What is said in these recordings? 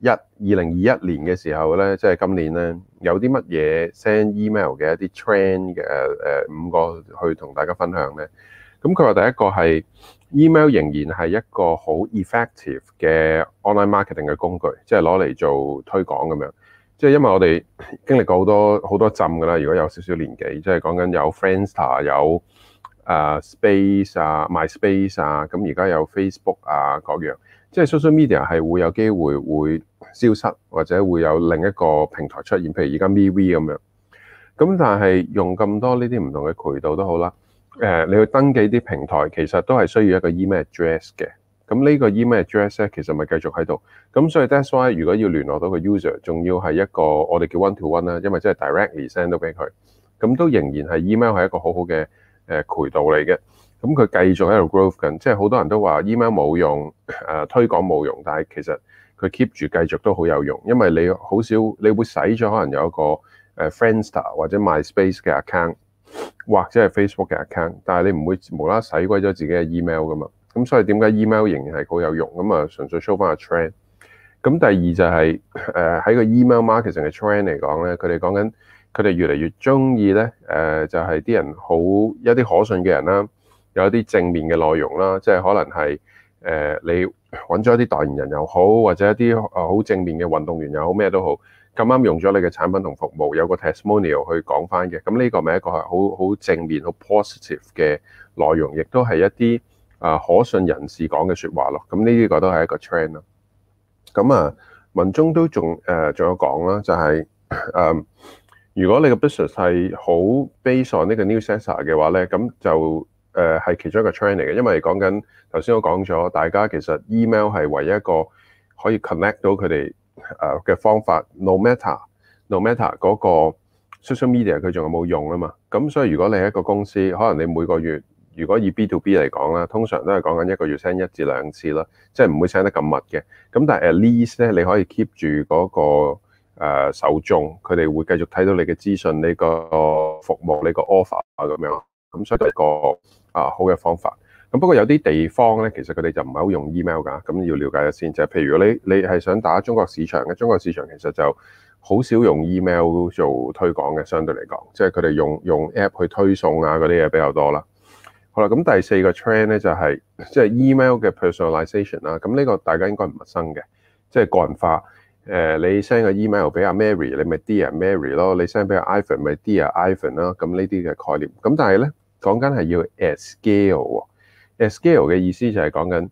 一二零二一年嘅時候呢，即係今年呢，有啲乜嘢 send email 嘅一啲 trend 嘅誒五個去同大家分享呢？咁佢話第一個係 email 仍然係一個好 effective 嘅 online marketing 嘅工具，即係攞嚟做推廣咁樣。即係因為我哋經歷過好多好多浸噶啦，如果有少少年紀，即係講緊有 Friendster 有啊 Space 啊 MySpace 啊，咁而家有 Facebook 啊各樣。即係 social media 係會有機會會消失，或者會有另一個平台出現，譬如而家 MeWe 咁樣。咁但係用咁多呢啲唔同嘅渠道都好啦。誒，你去登記啲平台，其實都係需要一個 email address 嘅。咁呢個 email address 咧，其實咪繼續喺度。咁所以 that's why 如果要聯絡到個 user，仲要係一個我哋叫 one to one 啦，因為即係 directly send 到俾佢。咁都仍然係 email 係一個好好嘅誒渠道嚟嘅。咁佢繼續喺度 growth 緊，即係好多人都話 email 冇用，誒推廣冇用，但係其實佢 keep 住繼續都好有用，因為你好少你會使咗可能有一個誒 friendster 或者 myspace 嘅 account，或者係 Facebook 嘅 account，但係你唔會無啦使鬼咗自己嘅 email 噶嘛。咁所以點解 email 仍然係好有用咁啊？就純粹 show 翻個 trend。咁第二就係誒喺個 email marketing 嘅 trend 嚟講咧，佢哋講緊佢哋越嚟越中意咧誒，就係、是、啲人好一啲可信嘅人啦、啊。有一啲正面嘅內容啦，即係可能係誒、呃、你揾咗一啲代言人又好，或者一啲啊好正面嘅運動員又好，咩都好咁啱用咗你嘅產品同服務，有個 testimonial 去講翻嘅。咁呢個咪一個好好正面、好 positive 嘅內容，亦都係一啲啊可信人士講嘅説話咯。咁呢啲個都係一個 trend 咯。咁啊文中都仲誒仲有講啦，就係、是、誒、嗯、如果你嘅 business 係好 based on 呢個 new sensor 嘅話咧，咁就誒係其中一個 train 嚟嘅，因為講緊頭先我講咗，大家其實 email 係唯一一個可以 connect 到佢哋誒嘅方法，no matter no matter 嗰個 social media 佢仲有冇用啊嘛？咁所以如果你係一個公司，可能你每個月如果以 B to B 嚟講啦，通常都係講緊一個月 send 一至兩次咯，即係唔會 send 得咁密嘅。咁但係 at least 咧，你可以 keep 住嗰個誒受眾，佢、呃、哋會繼續睇到你嘅資訊，你個服務你個 offer 咁樣。咁所以係一個啊好嘅方法。咁不過有啲地方咧，其實佢哋就唔係好用 email 噶。咁要了解一下先，就係、是、譬如你你係想打中國市場嘅，中國市場其實就好少用 email 做推廣嘅，相對嚟講，即係佢哋用用 app 去推送啊嗰啲嘢比較多啦。好啦，咁第四個 trend 咧就係、是、即係 email 嘅 personalization 啦。咁呢個大家應該唔陌生嘅，即、就、係、是、個人化。誒、呃，你 send 個 email 俾阿 Mary，你咪 Dear Mary 咯；你 send 俾阿 Ivan，咪 Dear Ivan 啦。咁呢啲嘅概念。咁但係咧。講緊係要 at scale 喎，at scale 嘅意思就係講緊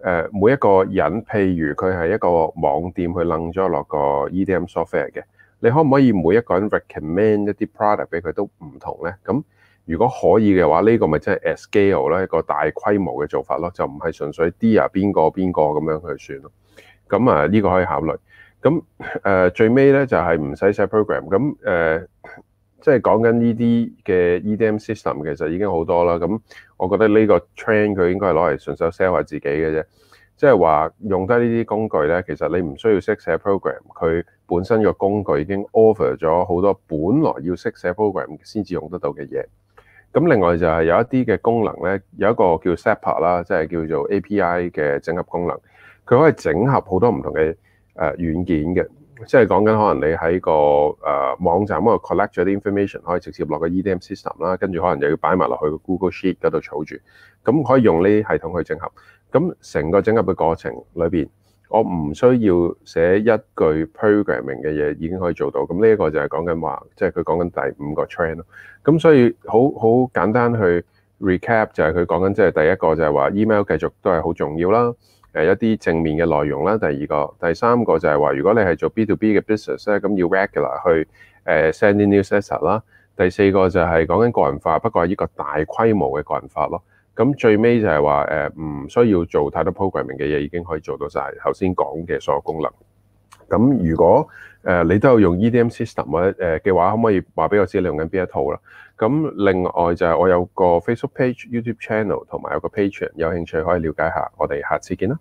誒每一個人，譬如佢係一個網店，去掟咗落個 EDM software 嘅，你可唔可以每一個人 recommend 一啲 product 俾佢都唔同咧？咁如果可以嘅話，呢個咪真係 at scale 咧，一個大規模嘅做法咯，就唔係純粹啲啊邊個邊個咁樣去算咯。咁啊呢個可以考慮。咁誒最尾咧就係唔使寫 program。咁誒。Uh, 即係講緊呢啲嘅 EDM system 其實已經好多啦，咁我覺得呢個 trend 佢應該係攞嚟順手 sell 下自己嘅啫。即係話用得呢啲工具咧，其實你唔需要識寫 program，佢本身個工具已經 offer 咗好多本來要識寫 program 先至用得到嘅嘢。咁另外就係有一啲嘅功能咧，有一個叫 separate 啦，即係叫做 API 嘅整合功能，佢可以整合好多唔同嘅誒軟件嘅。即係講緊可能你喺個誒、uh, 網站嗰度 collect 咗啲 information，可以直接落個 EDM system 啦，跟住可能又要擺埋落去個 Google Sheet 嗰度儲住，咁可以用呢系統去整合。咁成個整合嘅過程裏邊，我唔需要寫一句 programming 嘅嘢，已經可以做到。咁呢一個就係講緊話，即係佢講緊第五個 trend 咯。咁所以好好簡單去 recap 就係佢講緊，即係第一個就係話 email 繼續都係好重要啦。誒一啲正面嘅內容啦，第二個，第三個就係話如果你係做 B to B 嘅 business 咧，咁要 regular 去誒 send 啲 newsletter 啦。第四個就係講緊個人化，不過係一個大規模嘅個人化咯。咁最尾就係話誒唔需要做太多 programming 嘅嘢，已經可以做到晒，頭先講嘅所有功能。咁如果誒你都有用 EDM system 或者誒嘅話，可唔可以話俾我知你用緊邊一套啦？咁另外就係我有個 Facebook page、YouTube channel 同埋有個 Patreon，有興趣可以了解下。我哋下次見啦！